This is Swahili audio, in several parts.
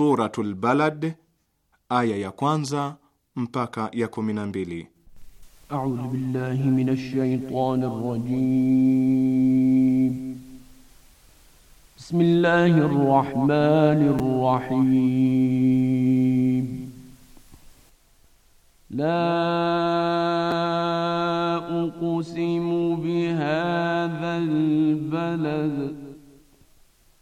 Suratul Balad aya ya kwanza mpaka ya kumi na mbili. A'udhu billahi minash shaitanir rajim. Bismillahir rahmanir rahim. La uqsimu bihadha albalad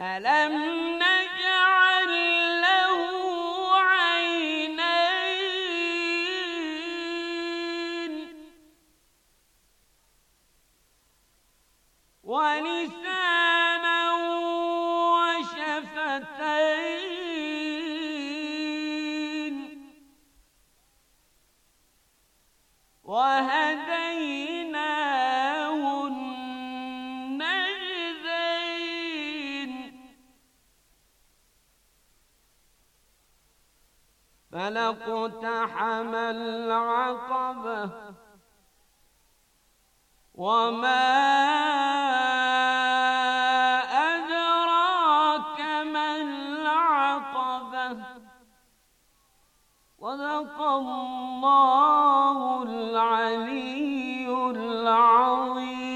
ألم نجعل اقتحم العقبة وما أدراك ما العقبة صدق الله العلي العظيم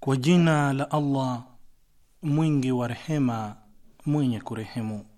Kwa لله la mwingi wa rehema mwenye kurehemu.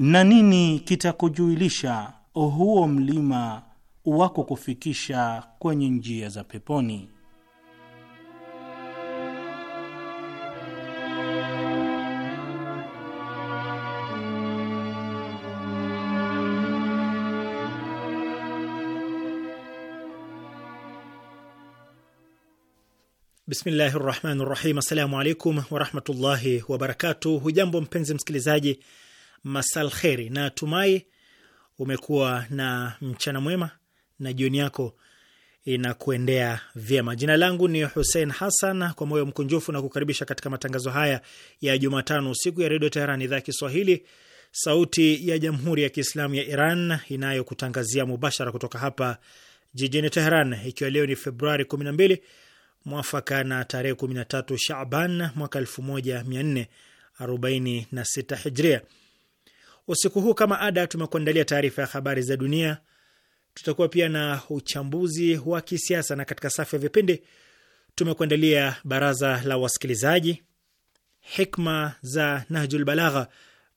na nini kitakujuilisha huo mlima wako kufikisha kwenye njia za peponi? Bismillahi rahmani rahim. Assalamu alaikum warahmatullahi wabarakatuh. Hujambo mpenzi msikilizaji masalkheri, na tumai umekuwa na mchana mwema na jioni yako inakuendea vyema. Jina langu ni Hussein Hassan, kwa moyo mkunjufu na kukaribisha katika matangazo haya ya Jumatano usiku ya Redio Teheran, idhaa ya Kiswahili, sauti ya Jamhuri ya Kiislamu ya Iran inayokutangazia mubashara kutoka hapa jijini Teheran, ikiwa leo ni Februari 12 mwafaka na tarehe 13 Shaban mwaka 1446 Hijria. Usiku huu kama ada, tumekuandalia taarifa ya habari za dunia, tutakuwa pia na uchambuzi wa kisiasa, na katika safu ya vipindi tumekuandalia baraza la wasikilizaji, hikma za Nahjul Balagha,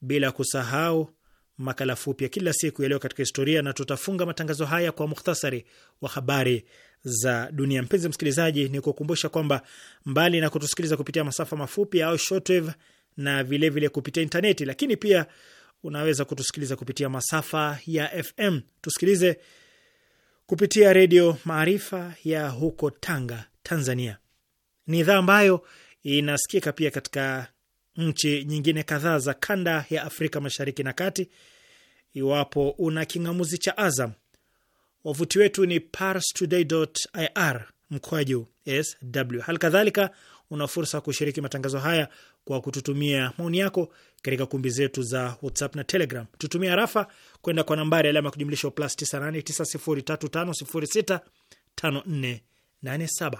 bila kusahau makala fupi ya kila siku yaliyo katika historia, na tutafunga matangazo haya kwa mukhtasari wa habari za dunia. Mpenzi msikilizaji, ni kukumbusha kwamba mbali na kutusikiliza kupitia masafa mafupi au shortwave na vilevile vile kupitia intaneti, lakini pia unaweza kutusikiliza kupitia masafa ya FM. Tusikilize kupitia Redio Maarifa ya huko Tanga, Tanzania. Ni idhaa ambayo inasikika pia katika nchi nyingine kadhaa za kanda ya Afrika Mashariki na Kati. Iwapo una king'amuzi cha Azam, wavuti wetu ni parstoday.ir mkwaju sw. Hali kadhalika una fursa ya kushiriki matangazo haya kwa kututumia maoni yako katika kumbi zetu za WhatsApp na Telegram. Tutumia harafa kwenda kwa nambari alama ya kujumlisha plus 98 903 506 5487.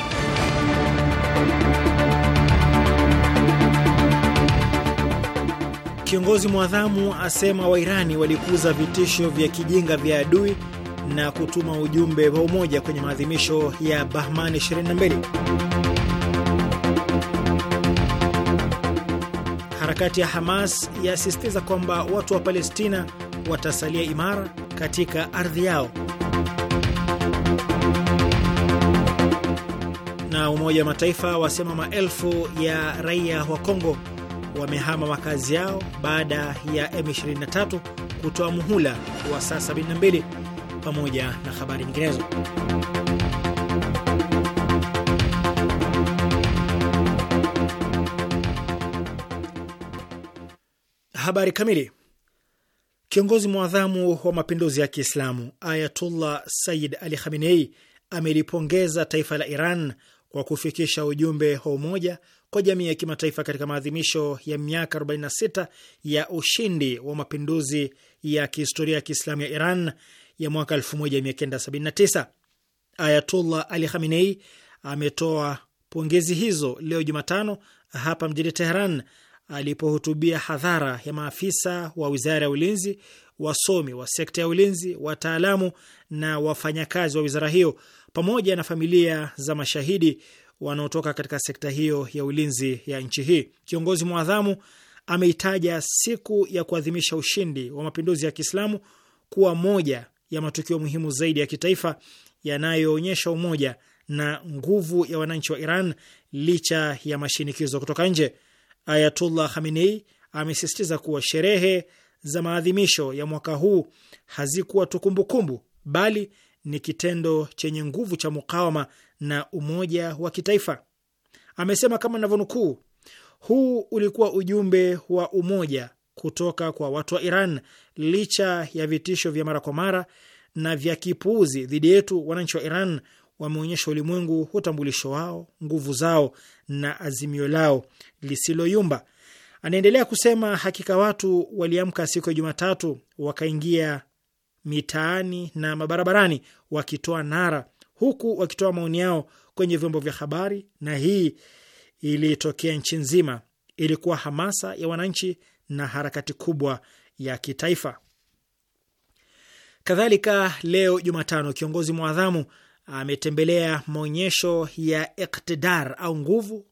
Kiongozi mwadhamu asema Wairani walikuza vitisho vya kijinga vya adui na kutuma ujumbe wa umoja kwenye maadhimisho ya Bahman 22. Harakati ya Hamas yasisitiza kwamba watu wa Palestina watasalia imara katika ardhi yao. Na Umoja wa Mataifa wasema maelfu ya raia wa Kongo wamehama makazi yao baada ya M23 kutoa muhula wa saa 72 pamoja na habari nyinginezo. Habari kamili. Kiongozi mwadhamu wa mapinduzi ya Kiislamu Ayatullah Sayyid Ali Khamenei amelipongeza taifa la Iran kwa kufikisha ujumbe wa umoja kwa jamii ya kimataifa katika maadhimisho ya miaka 46 ya ushindi wa mapinduzi ya kihistoria ya Kiislamu ya Iran ya mwaka 1979. Ayatullah Ali Khamenei ametoa pongezi hizo leo Jumatano hapa mjini Teheran alipohutubia hadhara ya maafisa wa wizara ya ulinzi, wasomi wa sekta ya ulinzi, wataalamu na wafanyakazi wa wizara hiyo pamoja na familia za mashahidi wanaotoka katika sekta hiyo ya ulinzi ya nchi hii. Kiongozi mwadhamu ameitaja siku ya kuadhimisha ushindi wa mapinduzi ya Kiislamu kuwa moja ya matukio muhimu zaidi ya kitaifa yanayoonyesha umoja na nguvu ya wananchi wa Iran licha ya mashinikizo kutoka nje. Ayatullah Khamenei amesisitiza kuwa sherehe za maadhimisho ya mwaka huu hazikuwa tu kumbukumbu, bali ni kitendo chenye nguvu cha mukawama na umoja wa kitaifa. Amesema kama navyonukuu, huu ulikuwa ujumbe wa umoja kutoka kwa watu wa Iran licha ya vitisho vya mara kwa mara na vya kipuuzi dhidi yetu. Wananchi wa Iran wameonyesha ulimwengu utambulisho wao, nguvu zao na azimio lao lisiloyumba. Anaendelea kusema, hakika watu waliamka siku ya Jumatatu wakaingia mitaani na mabarabarani wakitoa nara huku wakitoa maoni yao kwenye vyombo vya habari, na hii ilitokea nchi nzima. Ilikuwa hamasa ya wananchi na harakati kubwa ya kitaifa. Kadhalika leo Jumatano, kiongozi mwadhamu ametembelea maonyesho ya Iktidar au nguvu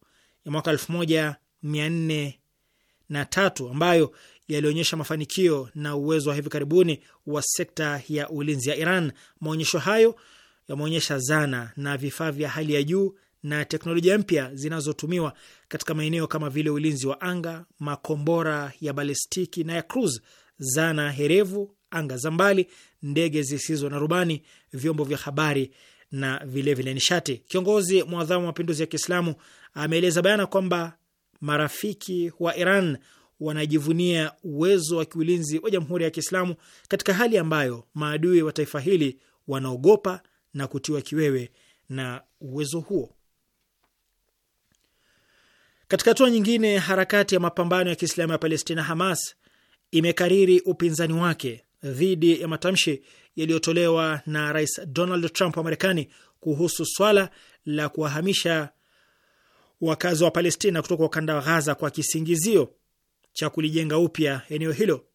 ya mwaka elfu moja mia nne na tatu ambayo yalionyesha mafanikio na uwezo wa hivi karibuni wa sekta ya ulinzi ya Iran. Maonyesho hayo yameonyesha zana na vifaa vya hali ya juu na teknolojia mpya zinazotumiwa katika maeneo kama vile ulinzi wa anga, makombora ya balistiki na ya cruise, zana herevu, anga za mbali, ndege zisizo na rubani, vyombo vya habari na vilevile nishati. Kiongozi mwadhamu wa mapinduzi ya Kiislamu ameeleza bayana kwamba marafiki wa Iran wanajivunia uwezo wa kiulinzi wa Jamhuri ya Kiislamu katika hali ambayo maadui wa taifa hili wanaogopa na kutiwa kiwewe na uwezo huo. Katika hatua nyingine, harakati ya mapambano ya Kiislamu ya Palestina, Hamas, imekariri upinzani wake dhidi ya matamshi yaliyotolewa na Rais Donald Trump wa Marekani kuhusu swala la kuwahamisha wakazi wa Palestina kutoka ukanda wa Ghaza kwa kisingizio cha kulijenga upya eneo hilo.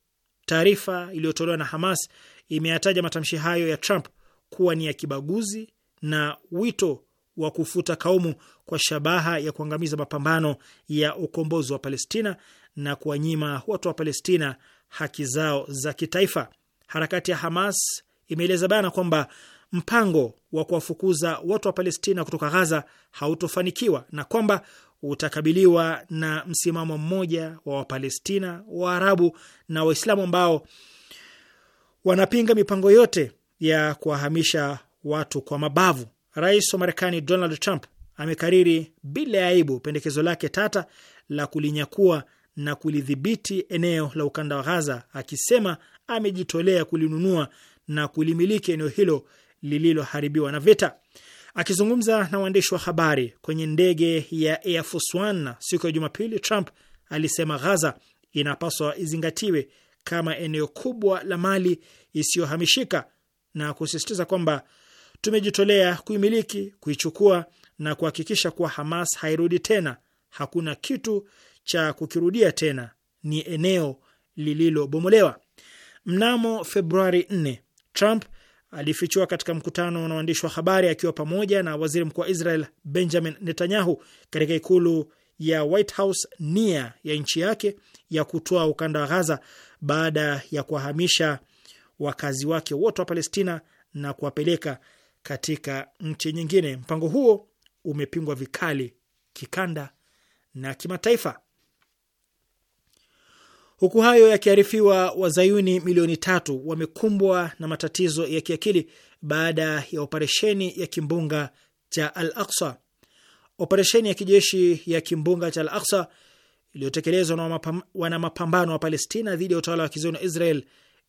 Taarifa iliyotolewa na Hamas imeyataja matamshi hayo ya Trump kuwa ni ya kibaguzi na wito wa kufuta kaumu kwa shabaha ya kuangamiza mapambano ya ukombozi wa Palestina na kuwanyima watu wa Palestina haki zao za kitaifa. Harakati ya Hamas imeeleza bana kwamba mpango wa kuwafukuza watu wa Palestina kutoka Ghaza hautofanikiwa na kwamba utakabiliwa na msimamo mmoja wa Wapalestina, Waarabu na Waislamu ambao wanapinga mipango yote ya kuwahamisha watu kwa mabavu. Rais wa Marekani Donald Trump amekariri bila ya aibu pendekezo lake tata la kulinyakua na kulidhibiti eneo la ukanda wa Ghaza, akisema amejitolea kulinunua na kulimiliki eneo hilo lililoharibiwa na vita. Akizungumza na waandishi wa habari kwenye ndege ya Air Force One siku ya Jumapili, Trump alisema Ghaza inapaswa izingatiwe kama eneo kubwa la mali isiyohamishika na kusisitiza kwamba tumejitolea kuimiliki, kuichukua na kuhakikisha kuwa Hamas hairudi tena. Hakuna kitu cha kukirudia tena, ni eneo lililobomolewa. Mnamo Februari 4 Trump alifichua katika mkutano na waandishi wa habari akiwa pamoja na waziri mkuu wa Israel Benjamin Netanyahu katika ikulu ya White House nia ya nchi yake ya kutoa ukanda wa Ghaza baada ya kuwahamisha wakazi wake wote wa Palestina na kuwapeleka katika nchi nyingine. Mpango huo umepingwa vikali kikanda na kimataifa. Huku hayo yakiarifiwa, wazayuni milioni tatu wamekumbwa na matatizo ya kiakili baada ya operesheni ya kimbunga cha Al Aksa. Operesheni ya kijeshi ya kimbunga cha Al Aksa iliyotekelezwa na wanamapambano wa Palestina dhidi ya utawala wa kizayuni wa Israel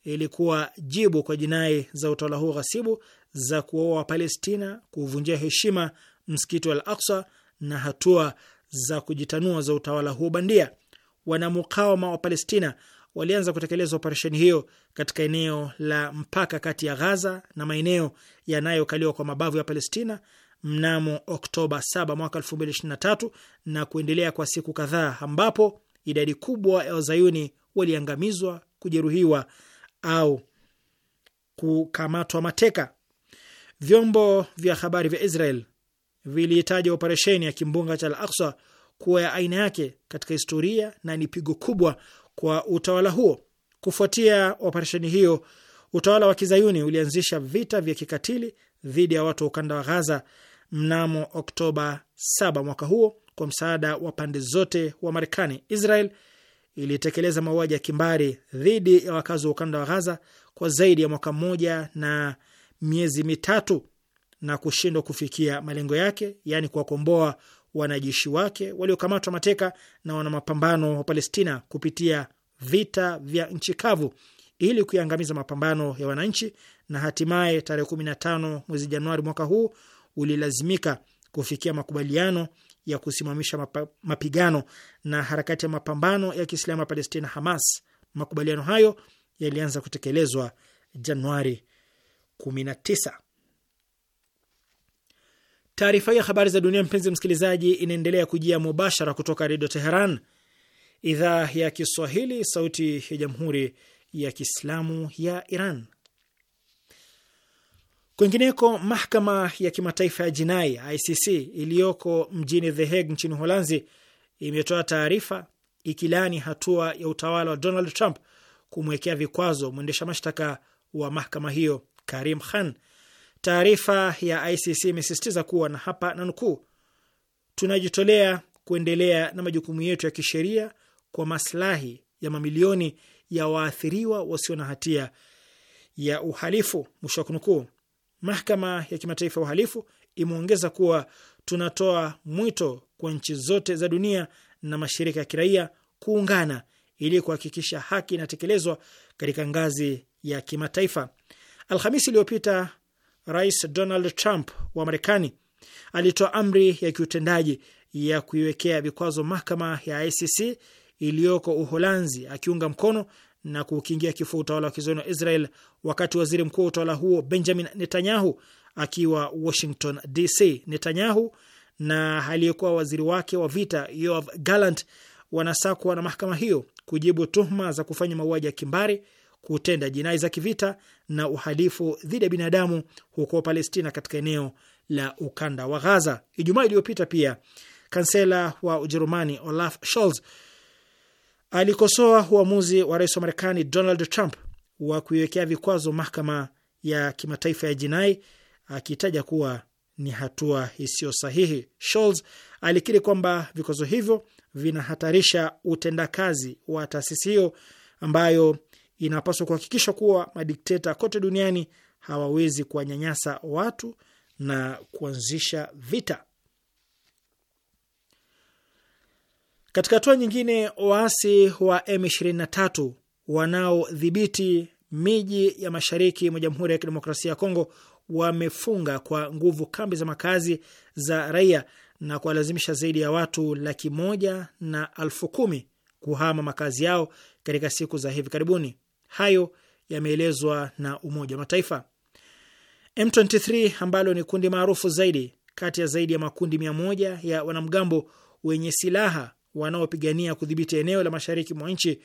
ilikuwa jibu kwa jinai za utawala huo ghasibu za kuwaua Wapalestina, kuvunjia heshima msikiti wa Al Aksa na hatua za kujitanua za utawala huo bandia. Wanamukawama wa Palestina walianza kutekeleza operesheni hiyo katika eneo la mpaka kati ya Ghaza na maeneo yanayokaliwa kwa mabavu ya Palestina mnamo Oktoba 7 mwaka 2023 na kuendelea kwa siku kadhaa, ambapo idadi kubwa ya wazayuni waliangamizwa, kujeruhiwa au kukamatwa mateka. Vyombo vya habari vya Israel viliitaja operesheni ya kimbunga cha Al-Aqsa kuwa ya aina yake katika historia na ni pigo kubwa kwa utawala huo. Kufuatia operesheni hiyo, utawala wa kizayuni ulianzisha vita vya kikatili dhidi ya watu wa ukanda wa Ghaza mnamo Oktoba 7 mwaka huo kwa msaada wa pande zote wa Marekani, Israel ilitekeleza mauaji ya kimbari dhidi ya wakazi wa ukanda wa Ghaza kwa zaidi ya mwaka mmoja na miezi mitatu na kushindwa kufikia malengo yake, yaani kuwakomboa wanajeshi wake waliokamatwa mateka na wanamapambano wa Palestina kupitia vita vya nchi kavu ili kuiangamiza mapambano ya wananchi, na hatimaye tarehe 15 mwezi Januari mwaka huu ulilazimika kufikia makubaliano ya kusimamisha mapigano na harakati ya mapambano ya Kiislamu ya Palestina Hamas. Makubaliano hayo yalianza kutekelezwa Januari 19. Taarifa hii ya habari za dunia, mpenzi msikilizaji, inaendelea kujia mubashara kutoka Redio Teheran, idhaa ya Kiswahili, sauti ya Jamhuri ya Kiislamu ya Iran. Kwingineko, mahakama ya kimataifa ya jinai ICC iliyoko mjini The Hague nchini Holanzi imetoa taarifa ikilani hatua ya utawala wa Donald Trump kumwekea vikwazo mwendesha mashtaka wa mahakama hiyo Karim Khan. Taarifa ya ICC imesisitiza kuwa na hapa na nukuu, tunajitolea kuendelea na majukumu yetu ya kisheria kwa maslahi ya mamilioni ya waathiriwa wasio na hatia ya uhalifu, mwisho wa kunukuu. Mahakama ya Kimataifa ya Uhalifu imeongeza kuwa tunatoa mwito kwa nchi zote za dunia na mashirika ya kiraia kuungana ili kuhakikisha haki inatekelezwa katika ngazi ya kimataifa. Alhamisi iliyopita, Rais Donald Trump wa Marekani alitoa amri ya kiutendaji ya kuiwekea vikwazo mahakama ya ICC iliyoko Uholanzi, akiunga mkono na kuukingia kifua utawala wa kizoni wa Israel wakati waziri mkuu wa utawala huo Benjamin Netanyahu akiwa Washington DC. Netanyahu na aliyekuwa waziri wake wa vita Yoav Gallant wanasakwa na mahakama hiyo kujibu tuhuma za kufanya mauaji ya kimbari, kutenda jinai za kivita na uhalifu dhidi ya binadamu huko Palestina katika eneo la ukanda wa Gaza. Ijumaa iliyopita pia kansela wa Ujerumani Olaf Scholz alikosoa uamuzi wa rais wa Marekani Donald Trump wa kuiwekea vikwazo mahakama ya kimataifa ya jinai akitaja kuwa ni hatua isiyo sahihi. Scholz alikiri kwamba vikwazo hivyo vinahatarisha utendakazi wa taasisi hiyo ambayo inapaswa kuhakikisha kuwa madikteta kote duniani hawawezi kuwanyanyasa watu na kuanzisha vita. Katika hatua nyingine, waasi wa M23 wanaodhibiti miji ya mashariki mwa Jamhuri ya Kidemokrasia ya Kongo wamefunga kwa nguvu kambi za makazi za raia na kuwalazimisha zaidi ya watu laki moja na alfu kumi kuhama makazi yao katika siku za hivi karibuni. Hayo yameelezwa na Umoja wa Mataifa. M23 ambalo ni kundi maarufu zaidi kati ya zaidi ya makundi mia moja ya wanamgambo wenye silaha wanaopigania kudhibiti eneo la mashariki mwa nchi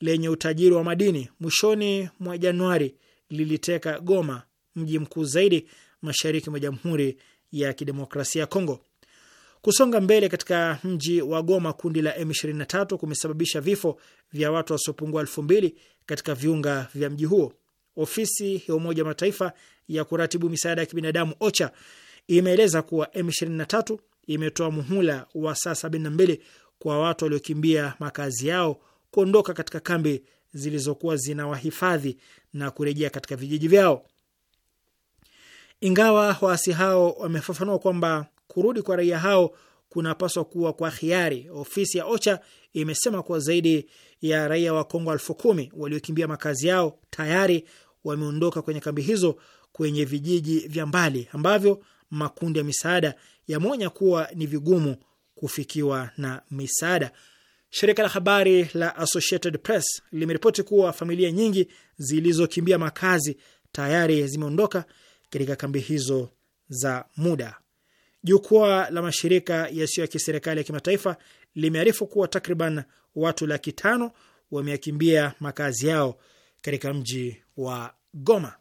lenye utajiri wa madini, mwishoni mwa Januari liliteka Goma, mji mkuu zaidi mashariki mwa Jamhuri ya Kidemokrasia ya Kongo. Kusonga mbele katika mji wa Goma kundi la M23 kumesababisha vifo vya watu wasiopungua elfu mbili katika viunga vya mji huo. Ofisi ya Umoja wa Mataifa ya kuratibu misaada ya kibinadamu OCHA imeeleza kuwa M23 imetoa muhula wa saa 72 kwa watu waliokimbia makazi yao kuondoka katika kambi zilizokuwa zinawahifadhi na kurejea katika vijiji vyao. Ingawa waasi hao wamefafanua kwamba kurudi kwa raia hao kunapaswa kuwa kwa hiari, ofisi ya OCHA imesema kuwa zaidi ya raia wa Kongo elfu kumi waliokimbia makazi yao tayari wameondoka kwenye kambi hizo kwenye vijiji vya mbali ambavyo makundi ya misaada yameonya kuwa ni vigumu kufikiwa na misaada. Shirika la habari la Associated Press limeripoti kuwa familia nyingi zilizokimbia makazi tayari zimeondoka katika kambi hizo za muda. Jukwaa la mashirika yasiyo ya kiserikali ya kimataifa limearifu kuwa takriban watu laki tano wameakimbia makazi yao katika mji wa Goma.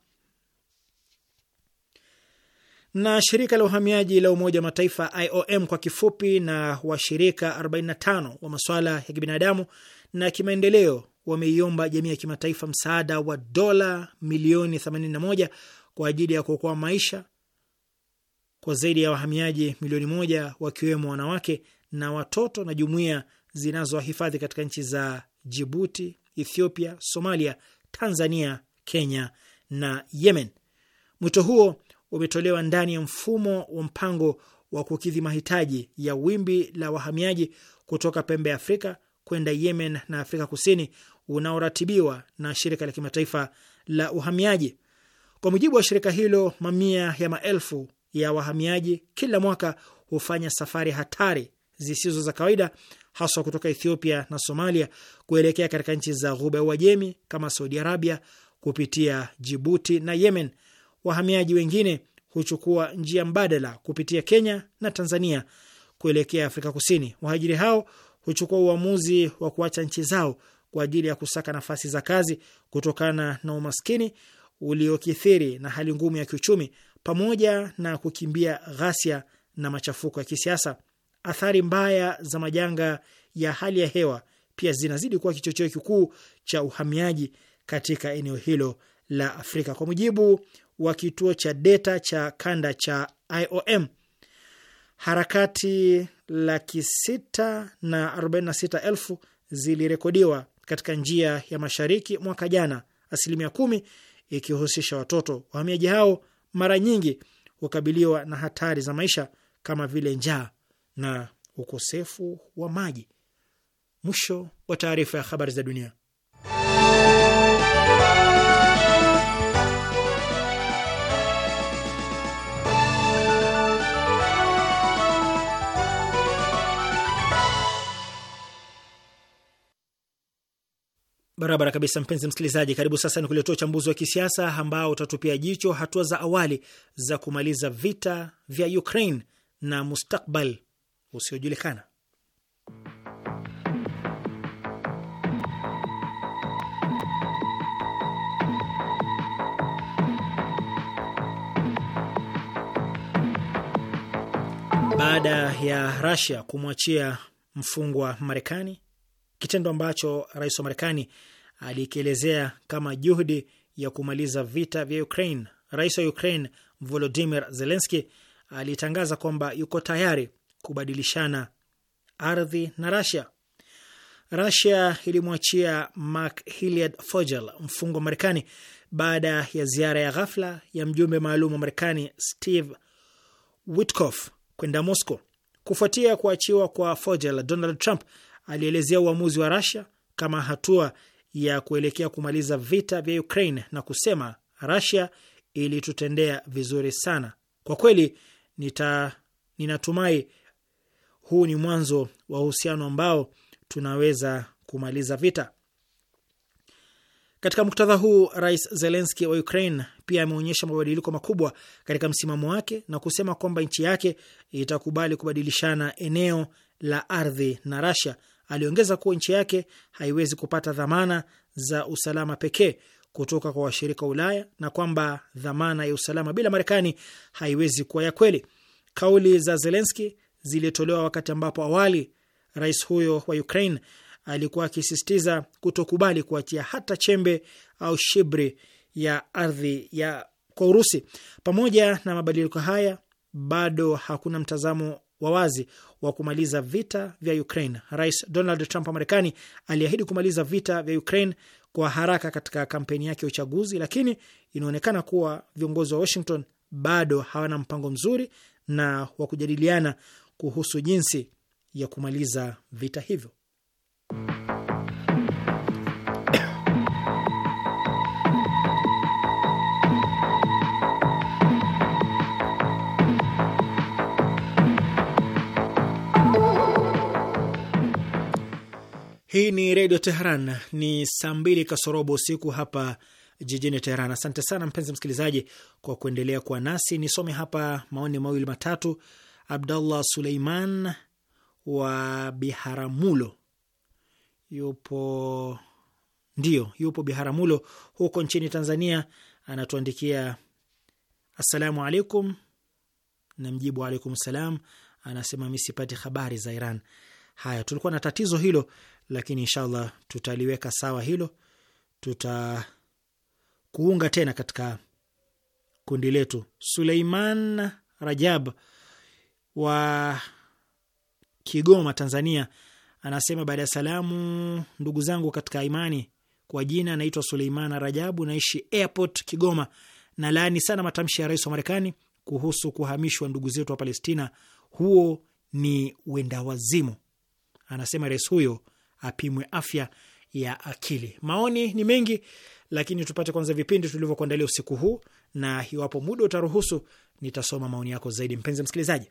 Na shirika la uhamiaji la Umoja wa Mataifa IOM kwa kifupi, na washirika 45 wa masuala ya kibinadamu na kimaendeleo wameiomba jamii ya kimataifa msaada wa dola milioni 81 kwa ajili ya kuokoa maisha kwa zaidi ya wahamiaji milioni moja wakiwemo wanawake na watoto na jumuiya zinazohifadhi katika nchi za Jibuti, Ethiopia, Somalia, Tanzania, Kenya na Yemen. Mwito huo umetolewa ndani ya mfumo wa mpango wa kukidhi mahitaji ya wimbi la wahamiaji kutoka pembe ya Afrika kwenda Yemen na Afrika Kusini unaoratibiwa na shirika la kimataifa la uhamiaji. Kwa mujibu wa shirika hilo, mamia ya maelfu ya wahamiaji kila mwaka hufanya safari hatari zisizo za kawaida haswa kutoka Ethiopia na Somalia kuelekea katika nchi za Ghuba ya Uajemi kama Saudi Arabia kupitia Jibuti na Yemen wahamiaji wengine huchukua njia mbadala kupitia Kenya na Tanzania kuelekea Afrika Kusini. Wahajiri hao huchukua uamuzi wa kuacha nchi zao kwa ajili ya kusaka nafasi za kazi kutokana na umaskini uliokithiri na hali ngumu ya kiuchumi pamoja na kukimbia ghasia na machafuko ya kisiasa. Athari mbaya za majanga ya hali ya hewa pia zinazidi kuwa kichocheo kikuu cha uhamiaji katika eneo hilo la Afrika. Kwa mujibu wa kituo cha deta cha kanda cha IOM. Harakati laki sita na arobaini na sita elfu zilirekodiwa katika njia ya mashariki mwaka jana, asilimia kumi ikihusisha watoto. Wahamiaji hao mara nyingi hukabiliwa na hatari za maisha kama vile njaa na ukosefu wa maji. Mwisho wa taarifa ya habari za dunia. Barabara kabisa, mpenzi msikilizaji, karibu sasa ni kuletea uchambuzi wa kisiasa ambao utatupia jicho hatua za awali za kumaliza vita vya Ukraine na mustakbal usiojulikana. Baada ya Russia kumwachia mfungwa Marekani kitendo ambacho rais wa Marekani alikielezea kama juhudi ya kumaliza vita vya Ukraine. Rais wa Ukraine Volodimir Zelenski alitangaza kwamba yuko tayari kubadilishana ardhi na Rasia. Rasia ilimwachia Mark Hilliard Fogel mfungwa wa Marekani baada ya ziara ya ghafla ya mjumbe maalum wa Marekani Steve Witkoff kwenda Moscow. Kufuatia kuachiwa kwa Fogel, Donald Trump alielezea uamuzi wa rasia kama hatua ya kuelekea kumaliza vita vya Ukraine na kusema rasia ilitutendea vizuri sana. Kwa kweli nita, ninatumai huu ni mwanzo wa uhusiano ambao tunaweza kumaliza vita. Katika muktadha huu, Rais Zelenski wa Ukraine pia ameonyesha mabadiliko makubwa katika msimamo wake na kusema kwamba nchi yake itakubali kubadilishana eneo la ardhi na rasia Aliongeza kuwa nchi yake haiwezi kupata dhamana za usalama pekee kutoka kwa washirika wa Ulaya na kwamba dhamana ya usalama bila Marekani haiwezi kuwa ya kweli. Kauli za Zelenski zilitolewa wakati ambapo awali rais huyo wa Ukraine alikuwa akisisitiza kutokubali kuachia hata chembe au shibri ya ardhi ya kwa Urusi. Pamoja na mabadiliko haya, bado hakuna mtazamo wa wazi wa kumaliza vita vya Ukraine. Rais Donald Trump wa Marekani aliahidi kumaliza vita vya Ukraine kwa haraka katika kampeni yake ya uchaguzi, lakini inaonekana kuwa viongozi wa Washington bado hawana mpango mzuri na wa kujadiliana kuhusu jinsi ya kumaliza vita hivyo. Hii ni Redio Teheran. Ni saa mbili kasorobo usiku hapa jijini Teheran. Asante sana mpenzi msikilizaji kwa kuendelea kuwa nasi. Nisome hapa maoni mawili matatu. Abdallah Suleiman wa Biharamulo yupo ndio, yupo Biharamulo huko nchini Tanzania, anatuandikia assalamu alaikum, na mjibu alaikum salam. Anasema mi sipati habari za Iran. Haya, tulikuwa na tatizo hilo lakini inshallah tutaliweka sawa hilo, tutakuunga tena katika kundi letu. Suleiman Rajab wa Kigoma, Tanzania, anasema baada ya salamu, ndugu zangu katika imani, kwa jina anaitwa Suleiman Rajabu, naishi airport Kigoma, na laani sana matamshi ya rais wa Marekani kuhusu kuhamishwa ndugu zetu wa Palestina. Huo ni wendawazimu, anasema rais huyo apimwe afya ya akili. Maoni ni mengi, lakini tupate kwanza vipindi tulivyokuandalia usiku huu, na iwapo muda utaruhusu, nitasoma maoni yako zaidi, mpenzi msikilizaji.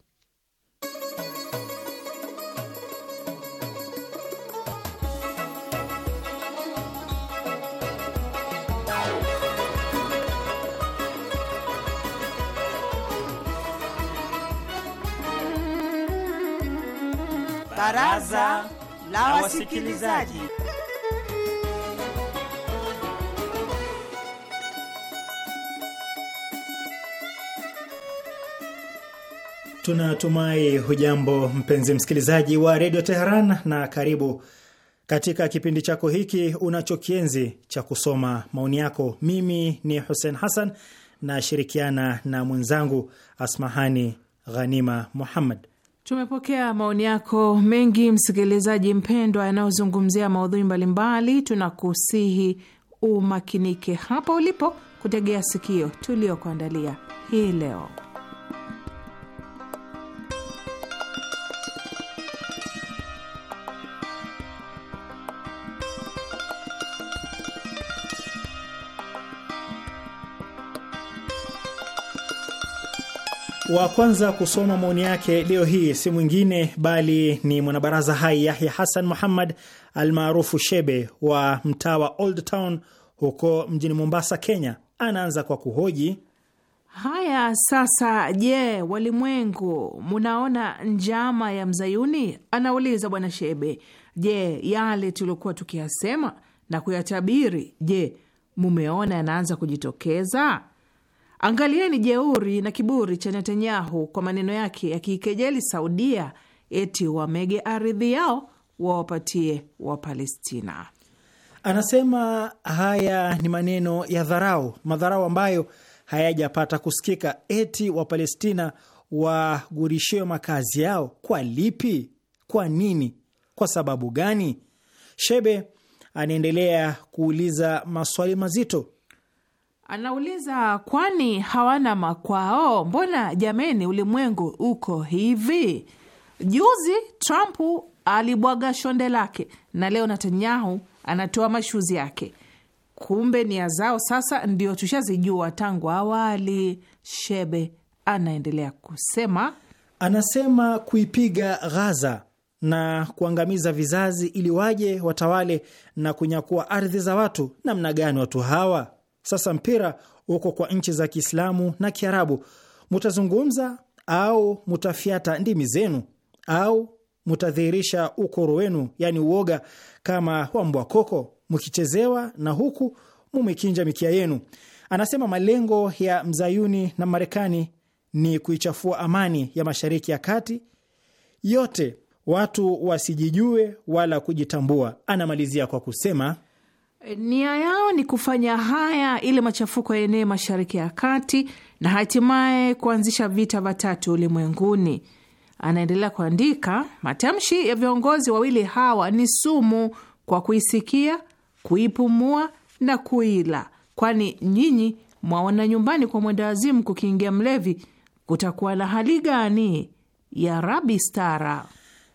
Baraza la wasikilizaji. Tunatumai hujambo mpenzi msikilizaji wa redio Teheran, na karibu katika kipindi chako hiki unachokienzi cha kusoma maoni yako. Mimi ni Hussein Hassan, nashirikiana na mwenzangu Asmahani Ghanima Muhammad. Tumepokea maoni yako mengi, msikilizaji mpendwa, yanayozungumzia maudhui mbalimbali. Tunakusihi umakinike hapo ulipo kutegea sikio tuliokuandalia hii leo. Wa kwanza kusoma maoni yake leo hii si mwingine bali ni mwanabaraza hai Yahya Hassan Muhammad almaarufu Shebe wa mtaa wa Old Town huko mjini Mombasa, Kenya. Anaanza kwa kuhoji haya sasa. Je, walimwengu munaona njama ya mzayuni? Anauliza bwana Shebe. Je, yale tuliokuwa tukiyasema na kuyatabiri, je, mumeona yanaanza kujitokeza? Angalieni jeuri na kiburi cha Netanyahu kwa maneno yake yakiikejeli Saudia eti wamege ardhi yao wawapatie Wapalestina. Anasema haya ni maneno ya dharau, madharau ambayo hayajapata kusikika, eti Wapalestina wagurishiwe makazi yao. Kwa lipi? Kwa nini? Kwa sababu gani? Shebe anaendelea kuuliza maswali mazito Anauliza, kwani hawana makwao? Mbona jameni, ulimwengu uko hivi? Juzi Trump alibwaga shonde lake na leo Netanyahu anatoa mashuzi yake. Kumbe nia zao sasa ndio tushazijua tangu awali. Shebe anaendelea kusema, anasema kuipiga Ghaza na kuangamiza vizazi ili waje watawale na kunyakua ardhi za watu. Namna gani watu hawa sasa mpira uko kwa nchi za Kiislamu na Kiarabu. Mutazungumza au mutafyata ndimi zenu au mutadhihirisha ukoro wenu, yani uoga, kama wambwa koko, mukichezewa na huku mumekinja mikia yenu. Anasema malengo ya mzayuni na Marekani ni kuichafua amani ya Mashariki ya Kati yote, watu wasijijue wala kujitambua. Anamalizia kwa kusema Nia yao ni kufanya haya ili machafuko yaenee Mashariki ya Kati na hatimaye kuanzisha vita vya tatu ulimwenguni. Anaendelea kuandika, matamshi ya viongozi wawili hawa ni sumu kwa kuisikia, kuipumua na kuila, kwani nyinyi mwaona nyumbani kwa mwendawazimu kukiingia mlevi kutakuwa na hali gani? Ya rabi stara.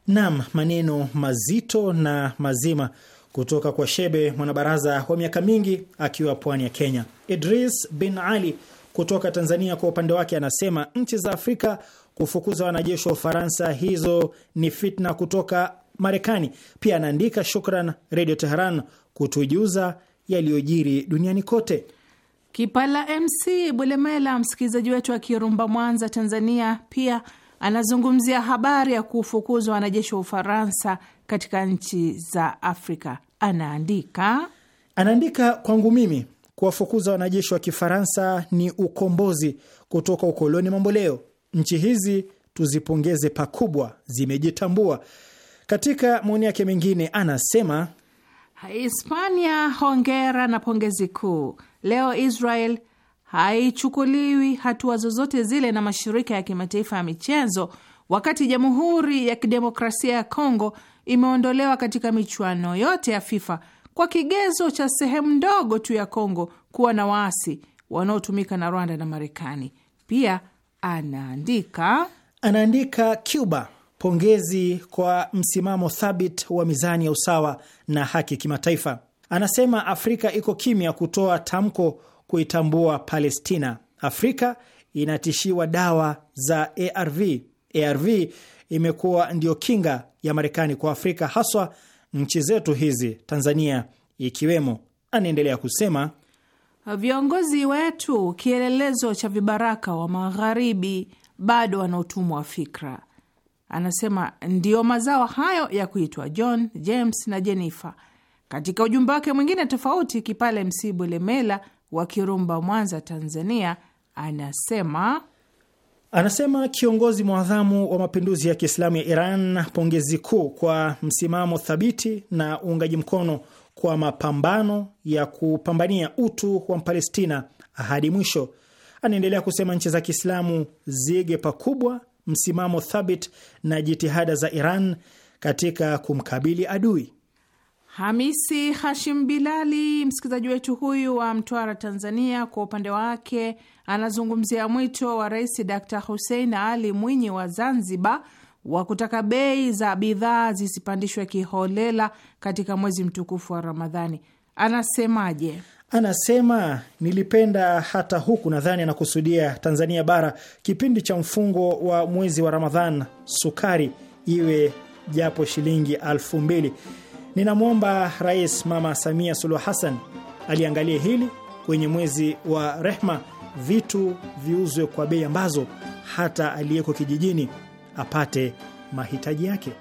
Naam, maneno mazito na mazima kutoka kwa Shebe, mwanabaraza wa miaka mingi akiwa pwani ya Kenya. Idris bin Ali kutoka Tanzania kwa upande wake anasema nchi za Afrika kufukuza wanajeshi wa Ufaransa, hizo ni fitna kutoka Marekani. Pia anaandika shukran Redio Teheran kutujuza yaliyojiri duniani kote. Kipala MC Bulemela, msikilizaji wetu wa Kirumba, Mwanza, Tanzania, pia anazungumzia habari ya kufukuzwa wanajeshi wa Ufaransa katika nchi za Afrika. Anaandika, anaandika kwangu mimi kuwafukuza wanajeshi wa Kifaransa ni ukombozi kutoka ukoloni mamboleo. Nchi hizi tuzipongeze pakubwa, zimejitambua. Katika maoni yake mengine anasema Hispania, hongera na pongezi kuu. Leo Israel haichukuliwi hatua zozote zile na mashirika ya kimataifa ya michezo, wakati Jamhuri ya Kidemokrasia ya Kongo imeondolewa katika michuano yote ya FIFA kwa kigezo cha sehemu ndogo tu ya Kongo kuwa na waasi wanaotumika na Rwanda na Marekani. Pia anaandika anaandika Cuba, pongezi kwa msimamo thabit wa mizani ya usawa na haki kimataifa. Anasema Afrika iko kimya kutoa tamko kuitambua Palestina. Afrika inatishiwa dawa za ARV. ARV imekuwa ndiyo kinga ya Marekani kwa Afrika, haswa nchi zetu hizi, Tanzania ikiwemo. Anaendelea kusema viongozi wetu, kielelezo cha vibaraka wa Magharibi, bado wana utumwa wa fikra. Anasema ndiyo mazao hayo ya kuitwa John, James na Jennifer. Katika ujumbe wake mwingine tofauti, Kipale Msibu Lemela, wa Kirumba, Mwanza, Tanzania, anasema anasema kiongozi mwadhamu wa mapinduzi ya Kiislamu ya Iran, pongezi kuu kwa msimamo thabiti na uungaji mkono kwa mapambano ya kupambania utu wa Mpalestina hadi mwisho. Anaendelea kusema nchi za Kiislamu zige pakubwa msimamo thabiti na jitihada za Iran katika kumkabili adui. Hamisi Hashim Bilali, msikilizaji wetu huyu wa Mtwara, Tanzania, kwa upande wake anazungumzia mwito wa Rais Dr Hussein Ali Mwinyi wa Zanzibar wa kutaka bei za bidhaa zisipandishwe kiholela katika mwezi mtukufu wa Ramadhani. Anasemaje? Anasema nilipenda hata huku, nadhani anakusudia Tanzania bara, kipindi cha mfungo wa mwezi wa Ramadhan, sukari iwe japo shilingi elfu mbili Ninamwomba Rais Mama Samia Suluhu Hassan aliangalie hili kwenye mwezi wa rehma, vitu viuzwe kwa bei ambazo hata aliyeko kijijini apate mahitaji yake.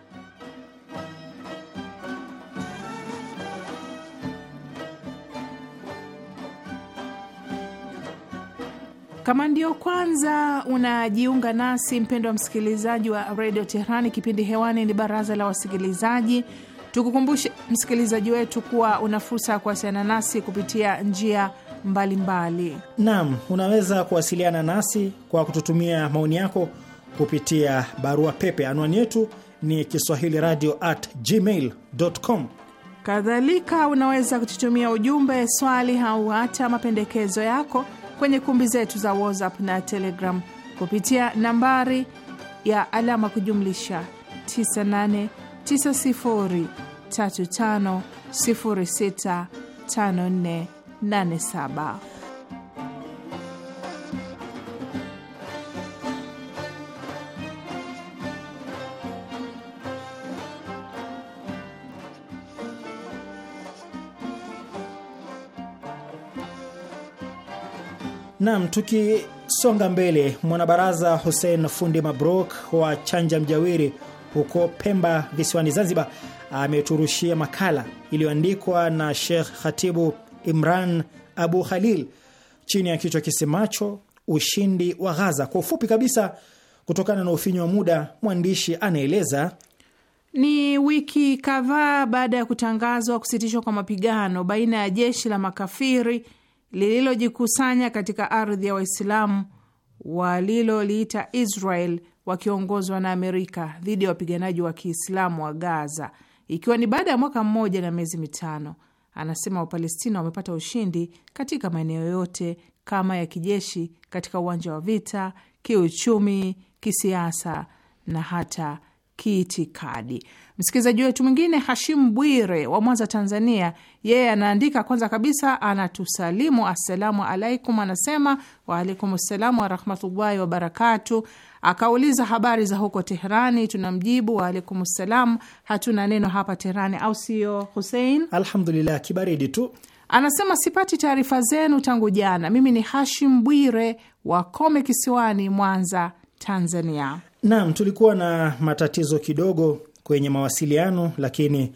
Kama ndio kwanza unajiunga nasi, wa msikilizaji wa redio Teherani, kipindi hewani ni baraza la wasikilizaji Tukukumbushe msikilizaji wetu kuwa una fursa ya kuwasiliana nasi kupitia njia mbalimbali. Naam, unaweza kuwasiliana nasi kwa kututumia maoni yako kupitia barua pepe. Anwani yetu ni kiswahili radio at gmail com. Kadhalika unaweza kututumia ujumbe, swali au hata mapendekezo yako kwenye kumbi zetu za WhatsApp na Telegram kupitia nambari ya alama kujumlisha 9890 Nam, tukisonga mbele, mwanabaraza Hussein Fundi Mabrok wa Chanja Mjawiri huko Pemba visiwani Zanzibar ameturushia makala iliyoandikwa na Sheikh Khatibu Imran Abu Khalil chini ya kichwa kisemacho ushindi wa Ghaza. Kwa ufupi kabisa, kutokana na ufinyi wa muda, mwandishi anaeleza ni wiki kadhaa baada ya kutangazwa kusitishwa kwa mapigano baina ya jeshi la makafiri lililojikusanya katika ardhi ya Waislamu waliloliita Israel wakiongozwa na Amerika dhidi ya wapiganaji wa Kiislamu wa Gaza ikiwa ni baada ya mwaka mmoja na miezi mitano. Anasema Wapalestina wamepata ushindi katika maeneo yote, kama ya kijeshi, katika uwanja wa vita, kiuchumi, kisiasa na hata kiitikadi. Msikilizaji wetu mwingine hashim Bwire wa Mwanza, Tanzania, yeye anaandika, kwanza kabisa anatusalimu assalamu alaikum, anasema waalaikum ssalamu warahmatullahi wabarakatu. Akauliza habari za huko Teherani, tunamjibu waalaikum ssalam, hatuna neno hapa Teherani, au sio Husein? Alhamdulillah, kibaridi tu. Anasema sipati taarifa zenu tangu jana. Mimi ni Hashim Bwire wa Kome Kisiwani, Mwanza, Tanzania. Naam, tulikuwa na matatizo kidogo kwenye mawasiliano, lakini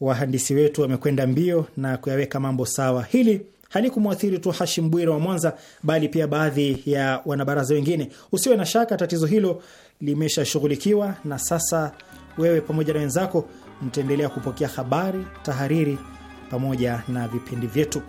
wahandisi wetu wamekwenda mbio na kuyaweka mambo sawa. Hili halikumwathiri tu Hashim Bwire wa Mwanza, bali pia baadhi ya wanabaraza wengine. Usiwe na shaka, tatizo hilo limeshashughulikiwa na sasa wewe pamoja na wenzako mtaendelea kupokea habari, tahariri pamoja na vipindi vyetu.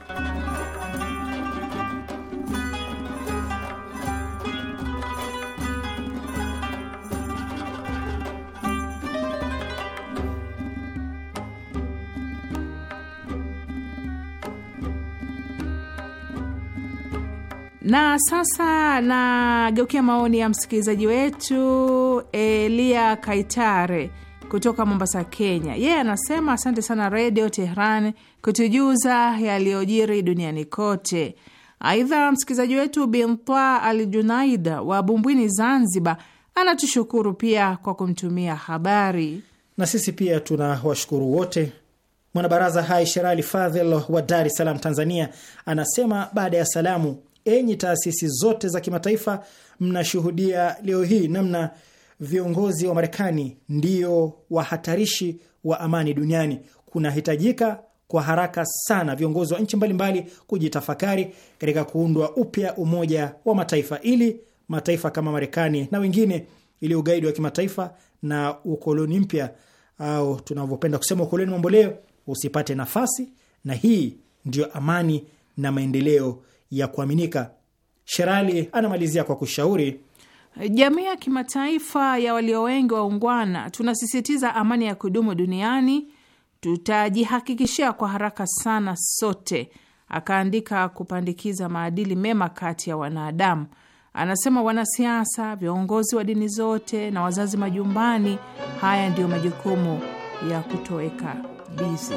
Na sasa nageukia maoni ya msikilizaji wetu Elia Kaitare kutoka Mombasa, Kenya. Yeye yeah, anasema asante sana Redio Tehran kutujuza yaliyojiri duniani kote. Aidha, msikilizaji wetu Bintwa Al Junaida wa Bumbwini, Zanzibar, anatushukuru pia kwa kumtumia habari, na sisi pia tuna washukuru wote. Mwanabaraza hai Sherali Fadhel wa Dar es Salaam, Tanzania, anasema baada ya salamu enyi taasisi zote za kimataifa, mnashuhudia leo hii namna viongozi wa Marekani ndio wahatarishi wa amani duniani. Kunahitajika kwa haraka sana viongozi wa nchi mbalimbali kujitafakari katika kuundwa upya Umoja wa Mataifa ili mataifa kama Marekani na wengine, ili ugaidi wa kimataifa na ukoloni mpya au tunavyopenda kusema ukoloni mamboleo usipate nafasi, na hii ndio amani na maendeleo ya kuaminika. Sherali anamalizia kwa kushauri jamii ya kimataifa ya walio wengi waungwana, tunasisitiza amani ya kudumu duniani, tutajihakikishia kwa haraka sana sote. Akaandika kupandikiza maadili mema kati ya wanadamu. Anasema wanasiasa, viongozi wa dini zote na wazazi majumbani, haya ndiyo majukumu ya kutoweka bizi.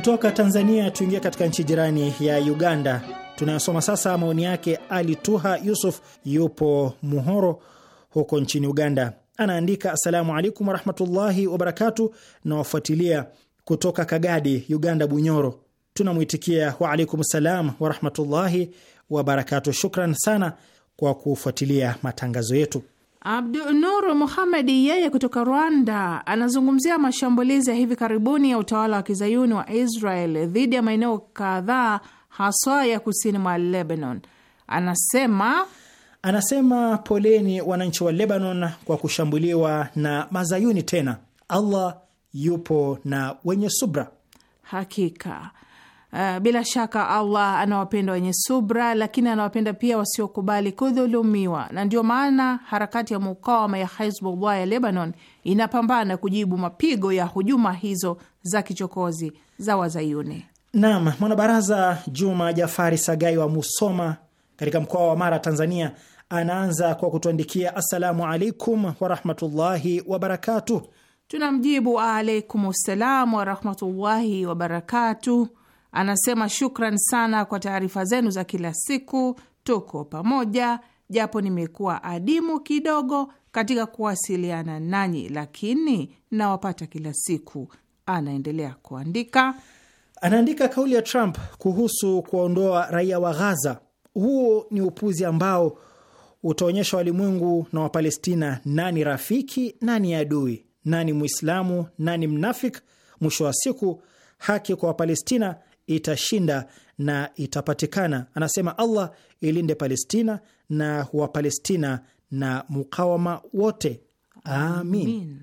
Kutoka Tanzania tuingia katika nchi jirani ya Uganda. Tunayosoma sasa maoni yake Ali Tuha Yusuf, yupo Muhoro huko nchini Uganda. Anaandika, assalamu alaikum warahmatullahi wabarakatu, na wafuatilia kutoka Kagadi, Uganda, Bunyoro. Tunamwitikia waalaikum salam warahmatullahi wabarakatu. Shukran sana kwa kufuatilia matangazo yetu abdu nur Muhamedi yeye kutoka Rwanda anazungumzia mashambulizi ya hivi karibuni ya utawala wa kizayuni wa Israel dhidi ya maeneo kadhaa haswa ya kusini mwa Lebanon. Anasema anasema poleni wananchi wa Lebanon kwa kushambuliwa na mazayuni tena. Allah yupo na wenye subra. Hakika Uh, bila shaka Allah anawapenda wenye subra, lakini anawapenda pia wasiokubali kudhulumiwa, na ndio maana harakati ya mukawama ya Hizbullah ya Lebanon inapambana kujibu mapigo ya hujuma hizo za kichokozi za Wazayuni. Naam, mwanabaraza Juma Jafari Sagai wa Musoma katika mkoa wa Mara, Tanzania, anaanza kwa kutuandikia assalamu alaikum warahmatullahi wabarakatuh. Tunamjibu waalaikum salam warahmatullahi wabarakatuh Anasema shukran sana kwa taarifa zenu za kila siku, tuko pamoja, japo nimekuwa adimu kidogo katika kuwasiliana nanyi, lakini nawapata kila siku. Anaendelea kuandika, anaandika kauli ya Trump kuhusu kuwaondoa raia wa Ghaza, huo ni upuzi ambao utaonyesha walimwengu na Wapalestina nani rafiki, nani adui, nani Mwislamu, nani mnafik. Mwisho wa siku haki kwa Wapalestina itashinda na itapatikana. Anasema Allah ilinde Palestina na Wapalestina na mukawama wote, amin, amin.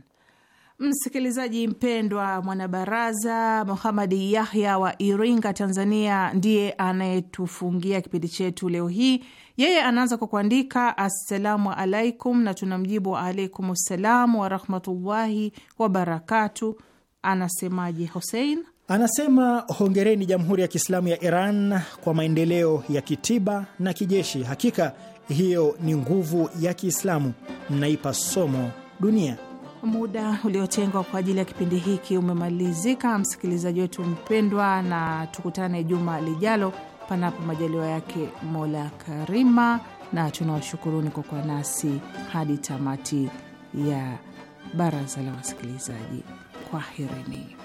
Msikilizaji mpendwa, mwanabaraza Muhamadi Yahya wa Iringa, Tanzania, ndiye anayetufungia kipindi chetu leo hii. Yeye anaanza kwa kuandika assalamu alaikum, na tuna mjibu wa alaikum ssalam warahmatullahi wabarakatu. Anasemaje husein Anasema hongereni Jamhuri ya Kiislamu ya Iran kwa maendeleo ya kitiba na kijeshi. Hakika hiyo ni nguvu ya Kiislamu, mnaipa somo dunia. Muda uliotengwa kwa ajili ya kipindi hiki umemalizika, msikilizaji wetu mpendwa, na tukutane juma lijalo, panapo majaliwa yake Mola Karima, na tunawashukuruni kwa kuwa nasi hadi tamati ya baraza la wasikilizaji. Kwaherini.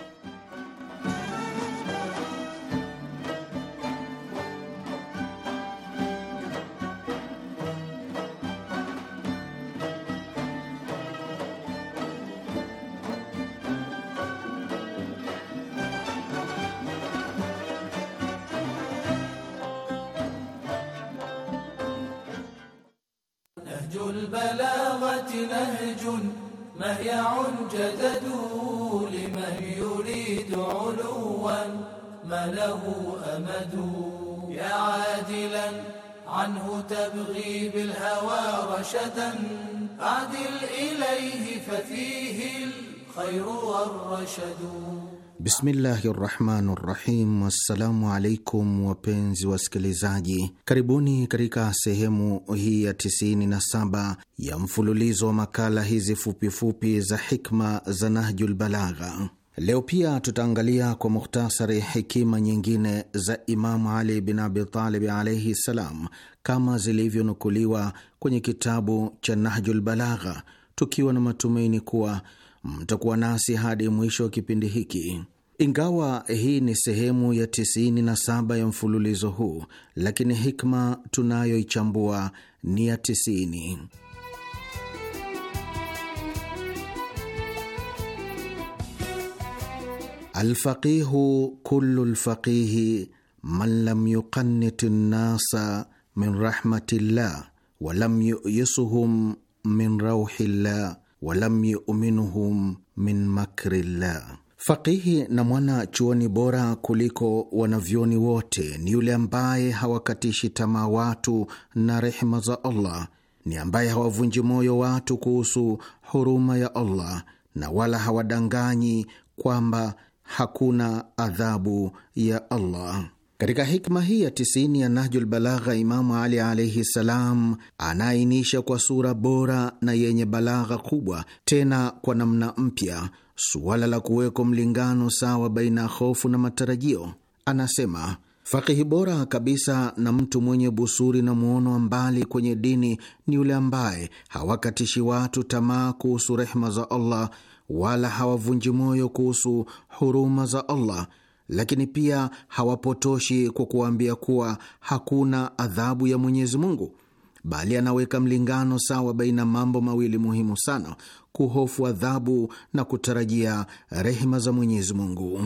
عنه تبغي بالهوى رشدا عدل إليه ففيه الخير والرشد Bismillahi rahmani rahim. Assalamu alaikum wapenzi wasikilizaji, karibuni katika sehemu hii ya 97 ya mfululizo wa makala hizi fupifupi za hikma za Nahjul Balagha. Leo pia tutaangalia kwa mukhtasari hikima nyingine za Imamu Ali bin Abi Talib alaihi ssalam kama zilivyonukuliwa kwenye kitabu cha Nahjul Balagha, tukiwa na matumaini kuwa mtakuwa nasi hadi mwisho wa kipindi hiki. Ingawa hii ni sehemu ya 97 ya mfululizo huu, lakini hikma tunayoichambua ni ya 90. Alfaqihu kullu lfaqihi man lam yuqannit nnasa min rahmatillah walam yuyisuhum min rauhillah walam yuminuhum min makrillah. Fakihi na mwana chuoni bora kuliko wanavyoni wote ni yule ambaye hawakatishi tamaa watu na rehema za Allah, ni ambaye hawavunji moyo watu kuhusu huruma ya Allah na wala hawadanganyi kwamba hakuna adhabu ya Allah. Katika hikma hii ya tisini ya Nahjul Balagha, Imamu Ali alaihi ssalam anaainisha kwa sura bora na yenye balagha kubwa, tena kwa namna mpya, suala la kuweko mlingano sawa baina ya hofu na matarajio. Anasema fakihi bora kabisa na mtu mwenye busuri na mwono wa mbali kwenye dini ni yule ambaye hawakatishi watu tamaa kuhusu rehma za Allah, wala hawavunji moyo kuhusu huruma za Allah lakini pia hawapotoshi kwa kuwaambia kuwa hakuna adhabu ya Mwenyezi Mungu, bali anaweka mlingano sawa baina mambo mawili muhimu sana: kuhofu adhabu na kutarajia rehema za Mwenyezi Mungu.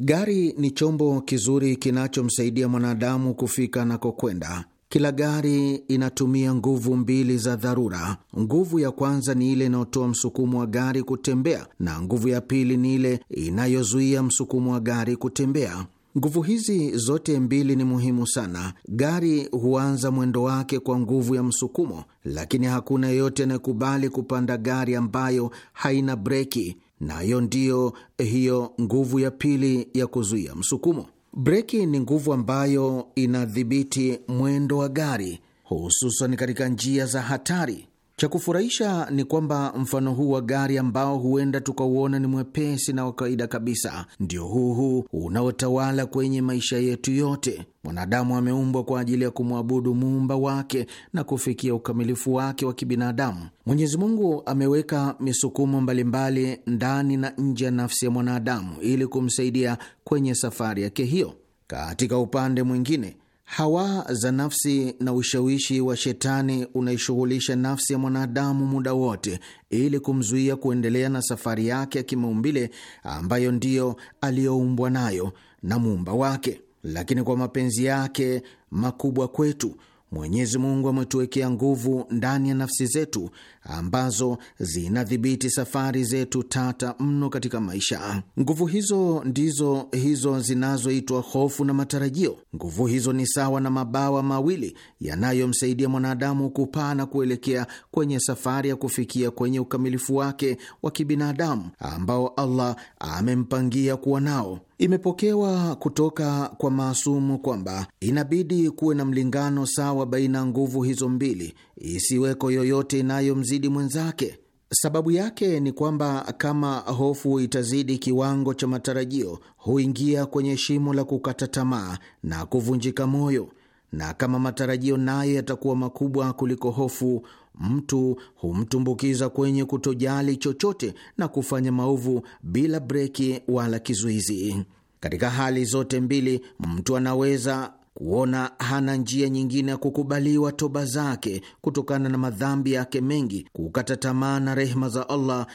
Gari ni chombo kizuri kinachomsaidia mwanadamu kufika anakokwenda kila gari inatumia nguvu mbili za dharura. Nguvu ya kwanza ni ile inayotoa msukumo wa gari kutembea na nguvu ya pili ni ile inayozuia msukumo wa gari kutembea. Nguvu hizi zote mbili ni muhimu sana. Gari huanza mwendo wake kwa nguvu ya msukumo, lakini hakuna yeyote anayekubali kupanda gari ambayo haina breki, nayo ndiyo hiyo nguvu ya pili ya kuzuia msukumo. Breki ni nguvu ambayo inadhibiti mwendo wa gari, hususan katika njia za hatari. Cha kufurahisha ni kwamba mfano huu wa gari ambao huenda tukauona ni mwepesi na wa kawaida kabisa, ndio huu huu unaotawala kwenye maisha yetu yote. Mwanadamu ameumbwa kwa ajili ya kumwabudu muumba wake na kufikia ukamilifu wake wa kibinadamu. Mwenyezi Mungu ameweka misukumo mbalimbali ndani na nje ya nafsi ya mwanadamu ili kumsaidia kwenye safari yake hiyo. Katika upande mwingine Hawa za nafsi na ushawishi wa shetani unaishughulisha nafsi ya mwanadamu muda wote ili kumzuia kuendelea na safari yake ya kimaumbile ambayo ndiyo aliyoumbwa nayo na muumba wake. Lakini kwa mapenzi yake makubwa kwetu, Mwenyezi Mungu ametuwekea nguvu ndani ya nafsi zetu ambazo zinadhibiti safari zetu tata mno katika maisha. Nguvu hizo ndizo hizo zinazoitwa hofu na matarajio. Nguvu hizo ni sawa na mabawa mawili yanayomsaidia mwanadamu kupaa na kuelekea kwenye safari ya kufikia kwenye ukamilifu wake wa kibinadamu ambao Allah amempangia kuwa nao. Imepokewa kutoka kwa maasumu kwamba inabidi kuwe na mlingano sawa baina ya nguvu hizo mbili, isiweko yoyote inayomzidi mwenzake. Sababu yake ni kwamba kama hofu itazidi kiwango cha matarajio, huingia kwenye shimo la kukata tamaa na kuvunjika moyo, na kama matarajio nayo yatakuwa makubwa kuliko hofu, mtu humtumbukiza kwenye kutojali chochote na kufanya maovu bila breki wala kizuizi. Katika hali zote mbili, mtu anaweza kuona hana njia nyingine ya kukubaliwa toba zake kutokana na madhambi yake mengi, kukata tamaa na rehema za Allah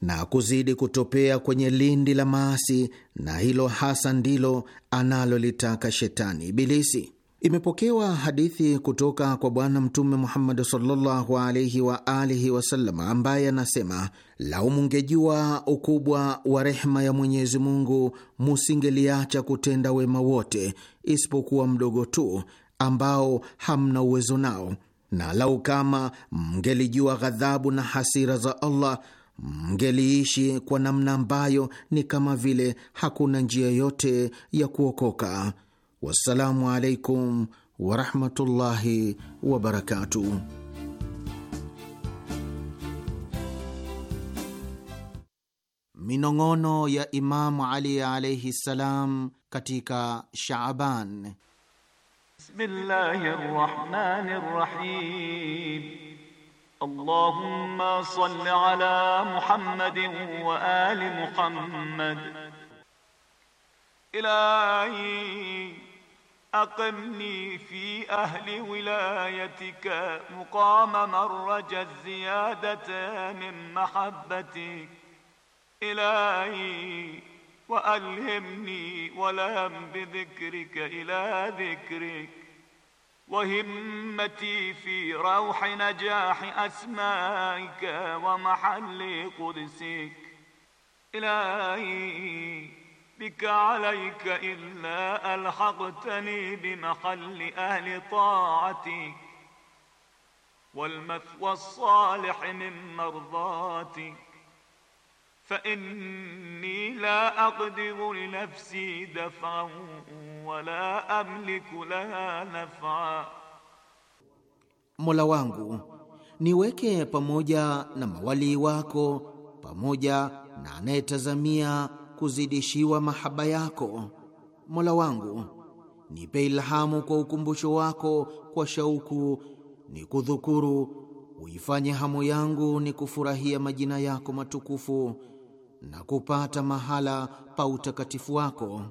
na kuzidi kutopea kwenye lindi la maasi, na hilo hasa ndilo analolitaka shetani Ibilisi. Imepokewa hadithi kutoka kwa Bwana Mtume Muhammad sallallahu alaihi wa alihi wasallam ambaye anasema Lau mungejua ukubwa wa rehma ya Mwenyezi Mungu, musingeliacha kutenda wema wote isipokuwa mdogo tu ambao hamna uwezo nao, na lau kama mngelijua ghadhabu na hasira za Allah mngeliishi kwa namna ambayo ni kama vile hakuna njia yote ya kuokoka. Wassalamu alaikum warahmatullahi wabarakatuh. minong'ono ya Imamu Ali alaihi ssalam katika Shaaban. Bismillahi rahmani rahim. Allahumma salli ala Muhammadin wa ali Muhammad. Ilahi أقمني في أهل ولايتك مقام مرج الزيادة من محبتك إلهي وألهمني ولهم بذكرك إلى ذكرك وهمتي في روح نجاح أسمائك ومحل قدسك إلهي بك عليك إلا ألحقتني بمحل أهل طاعتك والمثوى الصالح من مرضاتك fa inni la aqdiru li nafsi daf'an wa la amliku laha naf'a, Mola wangu niweke pamoja na mawalii wako pamoja na anayetazamia kuzidishiwa mahaba yako. Mola wangu nipe ilhamu kwa ukumbusho wako, kwa shauku ni kudhukuru, uifanye hamu yangu ni kufurahia majina yako matukufu na kupata mahala pa utakatifu wako.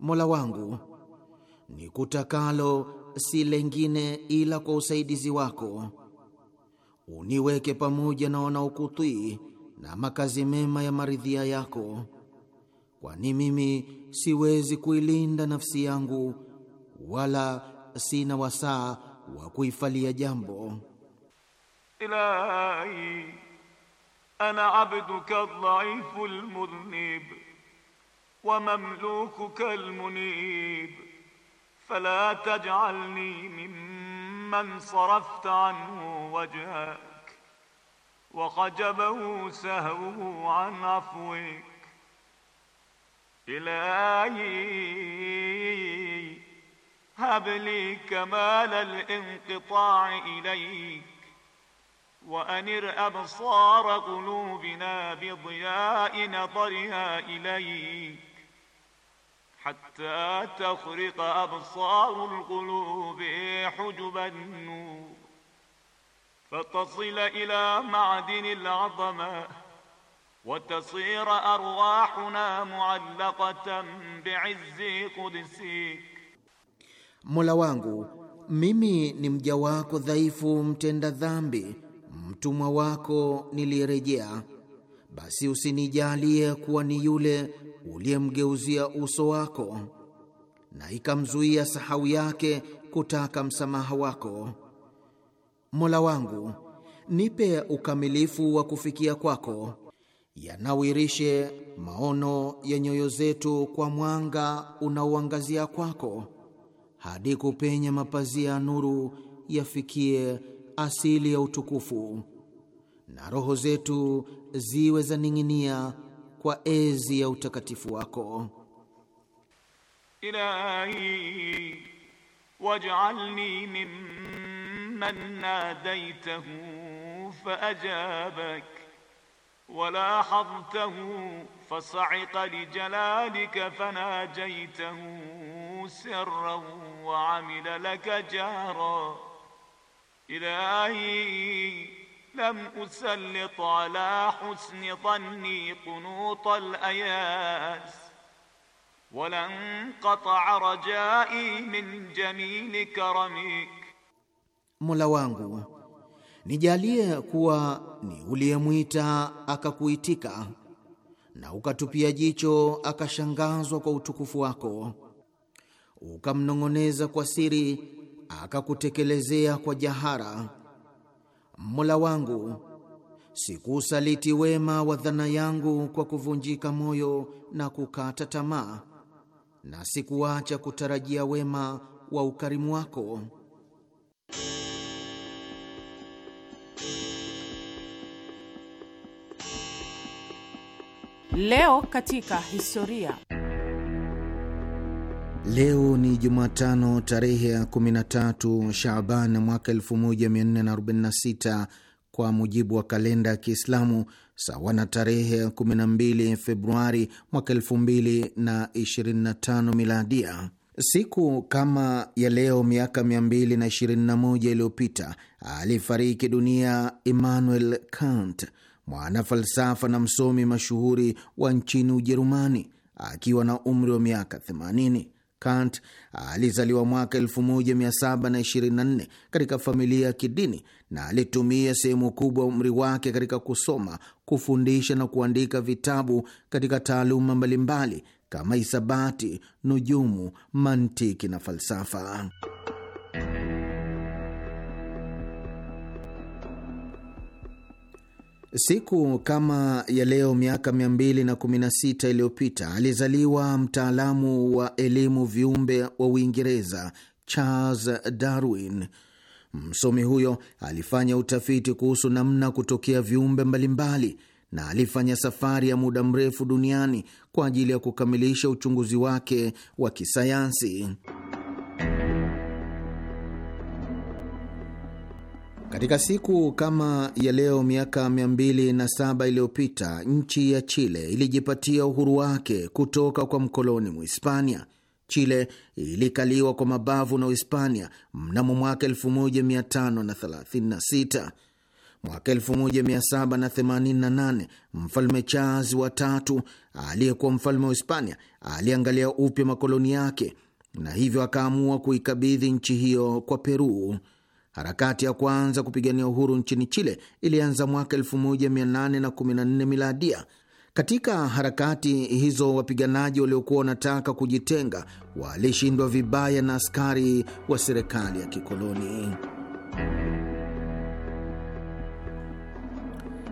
Mola wangu, ni kutakalo si lengine ila kwa usaidizi wako. Uniweke pamoja na wanaokutii na makazi mema ya maridhia yako, kwani mimi siwezi kuilinda nafsi yangu wala sina wasaa wa kuifalia jambo Ilahi. أنا عبدك الضعيف المذنب ومملوكك المنيب فلا تجعلني ممن صرفت عنه وجهك وخجبه سهوه عن عفوك إلهي هب لي كمال الانقطاع إليك wa anir absara qulubina bi dhiya'i nadariha ilayk hatta takhriqa absarul qulubi hujuban nur فتصل إلى معدن العظمة وتصير أرواحنا معلقة بعز قدسك Mola wangu mimi ni mja wako dhaifu mtenda dhambi mtumwa wako nilirejea, basi usinijalie kuwa ni yule uliyemgeuzia uso wako na ikamzuia sahau yake kutaka msamaha wako. Mola wangu, nipe ukamilifu wa kufikia kwako, yanawirishe maono ya nyoyo zetu kwa mwanga unaoangazia kwako, hadi kupenya mapazia ya nuru, yafikie asili ya utukufu na roho zetu ziwe za ninginia kwa ezi ya utakatifu wako. Ilahi waj'alni mimman nadaitahu faajabak wala hadhtahu fasa'iqa lijalalika fanajaitahu sirran wa amila laka jahra ilahi lam usallit ala husni dhanni qunut al-ayas wala nqata rajai min jamili karamik, Mola wangu nijalie kuwa ni uliyemwita akakuitika na ukatupia jicho akashangazwa kwa utukufu wako, ukamnong'oneza kwa siri akakutekelezea kwa jahara Mola wangu, sikuusaliti wema wa dhana yangu kwa kuvunjika moyo na kukata tamaa, na sikuacha kutarajia wema wa ukarimu wako. Leo katika historia Leo ni Jumatano tarehe ya 13 Shaban mwaka 1446 kwa mujibu wa kalenda ya Kiislamu, sawa na tarehe ya 12 Februari mwaka 2025 miladia. Siku kama ya leo miaka 221 iliyopita alifariki dunia Immanuel Kant, mwana falsafa na msomi mashuhuri wa nchini Ujerumani akiwa na umri wa miaka 80. Kant alizaliwa mwaka 1724 katika familia ya kidini na alitumia sehemu kubwa umri wake katika kusoma, kufundisha na kuandika vitabu katika taaluma mbalimbali kama hisabati, nujumu, mantiki na falsafa. Siku kama ya leo miaka 216 iliyopita alizaliwa mtaalamu wa elimu viumbe wa Uingereza Charles Darwin. Msomi huyo alifanya utafiti kuhusu namna kutokea viumbe mbalimbali na alifanya safari ya muda mrefu duniani kwa ajili ya kukamilisha uchunguzi wake wa kisayansi. Katika siku kama ya leo miaka 207 iliyopita nchi ya Chile ilijipatia uhuru wake kutoka kwa mkoloni Muhispania. Chile ilikaliwa kwa mabavu na Uhispania mnamo mwaka 1536. Mwaka 1788 mfalme Charles wa tatu aliyekuwa mfalme wa Hispania aliangalia upya makoloni yake na hivyo akaamua kuikabidhi nchi hiyo kwa Peru. Harakati ya kwanza kupigania uhuru nchini Chile ilianza mwaka 1814 miladia. Katika harakati hizo wapiganaji waliokuwa wanataka kujitenga walishindwa vibaya na askari wa serikali ya kikoloni.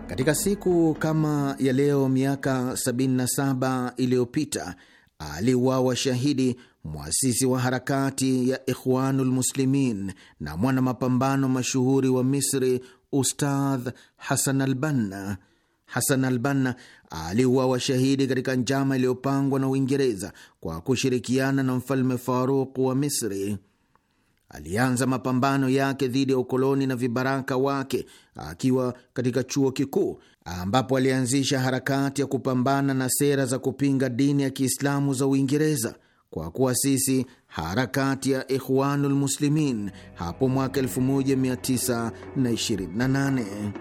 Katika siku kama ya leo miaka 77 iliyopita aliuawa shahidi mwasisi wa harakati ya Ikhwanul Muslimin na mwana mapambano mashuhuri wa Misri, Ustadh Hasan Albanna. Hasan Albanna aliuawa shahidi katika njama iliyopangwa na Uingereza kwa kushirikiana na mfalme faruq wa Misri. Alianza mapambano yake dhidi ya ukoloni na vibaraka wake akiwa katika chuo kikuu, ambapo alianzisha harakati ya kupambana na sera za kupinga dini ya Kiislamu za Uingereza kwa kuasisi harakati ya Ikhwanul Muslimin hapo mwaka 1928.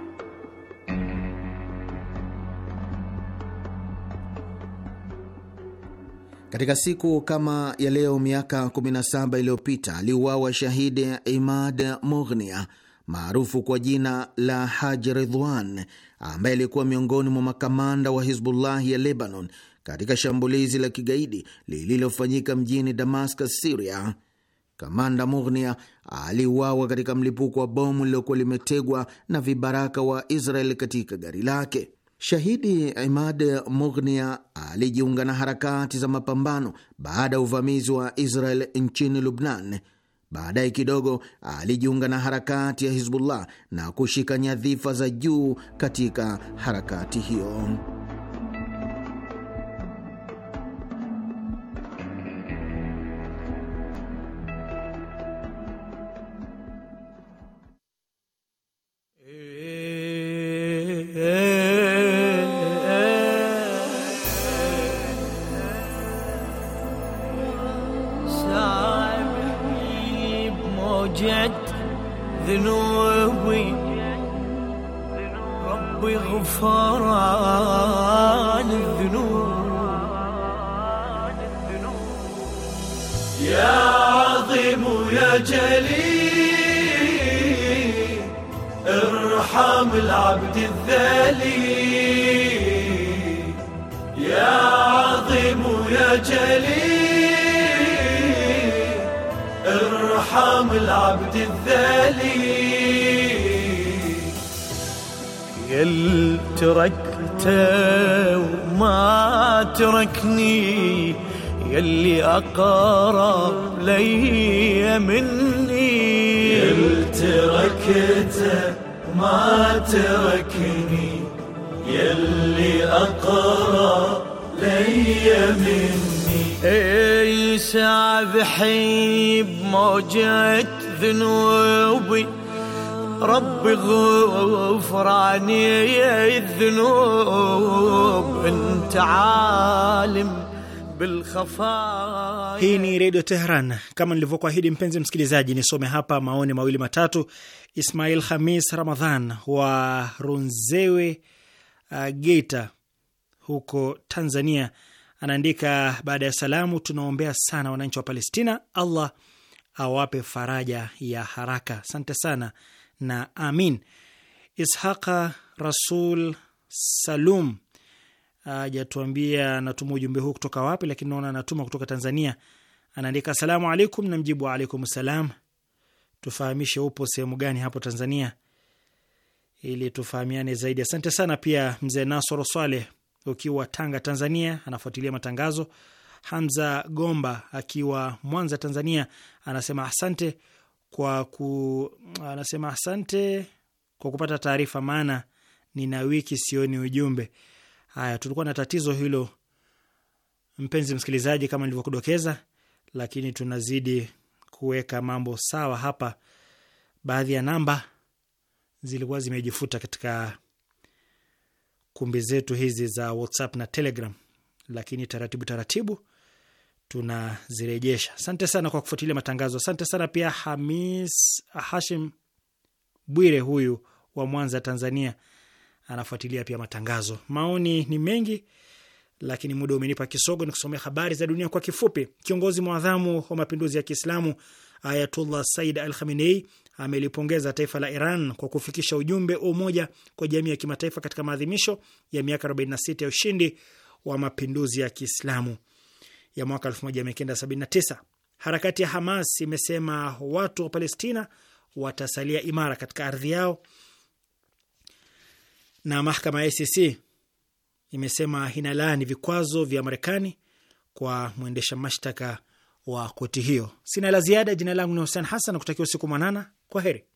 Katika siku kama ya leo miaka 17 iliyopita aliuawa shahidi Imad Mughnia maarufu kwa jina la Haji Ridwan ambaye alikuwa miongoni mwa makamanda wa Hizbullahi ya Lebanon katika shambulizi la kigaidi lililofanyika mjini Damascus, Siria. Kamanda Mughnia aliuawa katika mlipuko wa bomu lililokuwa limetegwa na vibaraka wa Israel katika gari lake. Shahidi Imad Mughnia alijiunga na harakati za mapambano baada ya uvamizi wa Israel nchini Lubnan. Baadaye kidogo alijiunga na harakati ya Hizbullah na kushika nyadhifa za juu katika harakati hiyo. غفران الذنوب يا عظيم يا جليل ارحم العبد الذليل يا عظيم يا جليل ارحم العبد الذليل كل تركته وما تركني يلي أقرب لي مني كل تركته ما تركني يلي أقرب لي مني اي سابحي بموجة ذنوبي رب غفراني الذنوب انت عالم Hii ni Redio Tehran. Kama nilivyokuahidi, mpenzi msikilizaji, nisome hapa maoni mawili matatu. Ismail Hamis Ramadhan wa Runzewe, uh, Geita huko Tanzania anaandika, baada ya salamu, tunaombea sana wananchi wa Palestina, Allah awape faraja ya haraka. Asante sana na amin. Ishaqa Rasul Salum ah, ajatuambia natuma ujumbe huu kutoka wapi, lakini naona anatuma kutoka Tanzania. Anaandika asalamu alaikum, na mjibu alaikum salam. Tufahamishe upo sehemu gani hapo Tanzania ili tufahamiane zaidi. Asante sana pia mzee Nasoro Swaleh ukiwa Tanga, Tanzania, anafuatilia matangazo. Hamza Gomba akiwa Mwanza, Tanzania, anasema asante kwa ku, ah, anasema asante kwa kupata taarifa, maana nina wiki sioni ujumbe. Haya, tulikuwa na tatizo hilo mpenzi msikilizaji, kama nilivyokudokeza, lakini tunazidi kuweka mambo sawa hapa. Baadhi ya namba zilikuwa zimejifuta katika kumbi zetu hizi za WhatsApp na Telegram, lakini taratibu taratibu tunazirejesha. Asante sana kwa kufuatilia matangazo. Asante sana pia Hamis Hashim Bwire, huyu wa Mwanza, Tanzania, anafuatilia pia matangazo. Maoni ni mengi, lakini muda umenipa kisogo. Ni kusomea habari za dunia kwa kifupi. Kiongozi mwadhamu wa mapinduzi ya Kiislamu Ayatullah Said Al Khamenei amelipongeza taifa la Iran kwa kufikisha ujumbe wa umoja kwa jamii ya kimataifa katika maadhimisho ya miaka 46 ya ushindi wa mapinduzi ya Kiislamu ya mwaka 1979. Harakati ya Hamas imesema watu wa Palestina watasalia imara katika ardhi yao, na mahakama ya ICC imesema inalaani vikwazo vya Marekani kwa mwendesha mashtaka wa koti hiyo. Sina la ziada. Jina langu ni Hussein Hassan, nakutakia usiku mwanana. Kwa heri.